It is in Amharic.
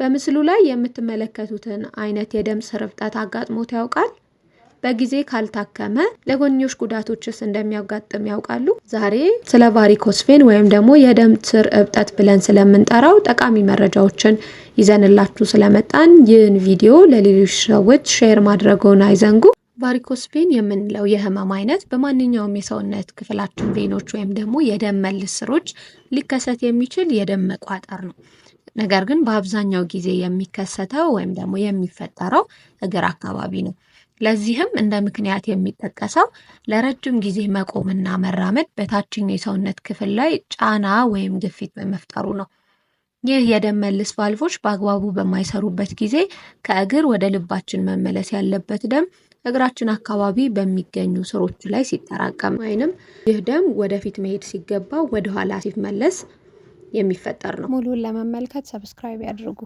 በምስሉ ላይ የምትመለከቱትን አይነት የደም ስር እብጠት አጋጥሞት ያውቃል? በጊዜ ካልታከመ ለጎንዮሽ ጉዳቶችስ እንደሚያጋጥም ያውቃሉ? ዛሬ ስለ ቫሪኮስፌን ወይም ደግሞ የደም ስር እብጠት ብለን ስለምንጠራው ጠቃሚ መረጃዎችን ይዘንላችሁ ስለመጣን ይህን ቪዲዮ ለሌሎች ሰዎች ሼር ማድረገውን አይዘንጉ። ቫሪኮስፔን የምንለው የህመም አይነት በማንኛውም የሰውነት ክፍላችን ቬኖች ወይም ደግሞ የደም መልስ ስሮች ሊከሰት የሚችል የደም መቋጠር ነው። ነገር ግን በአብዛኛው ጊዜ የሚከሰተው ወይም ደግሞ የሚፈጠረው እግር አካባቢ ነው። ለዚህም እንደ ምክንያት የሚጠቀሰው ለረጅም ጊዜ መቆምና መራመድ በታችኛው የሰውነት ክፍል ላይ ጫና ወይም ግፊት በመፍጠሩ ነው። ይህ የደም መልስ ቫልቮች በአግባቡ በማይሰሩበት ጊዜ ከእግር ወደ ልባችን መመለስ ያለበት ደም እግራችን አካባቢ በሚገኙ ስሮች ላይ ሲጠራቀም ወይንም ይህ ደም ወደፊት መሄድ ሲገባ ወደኋላ ሲመለስ የሚፈጠር ነው። ሙሉን ለመመልከት ሰብስክራይብ ያድርጉ።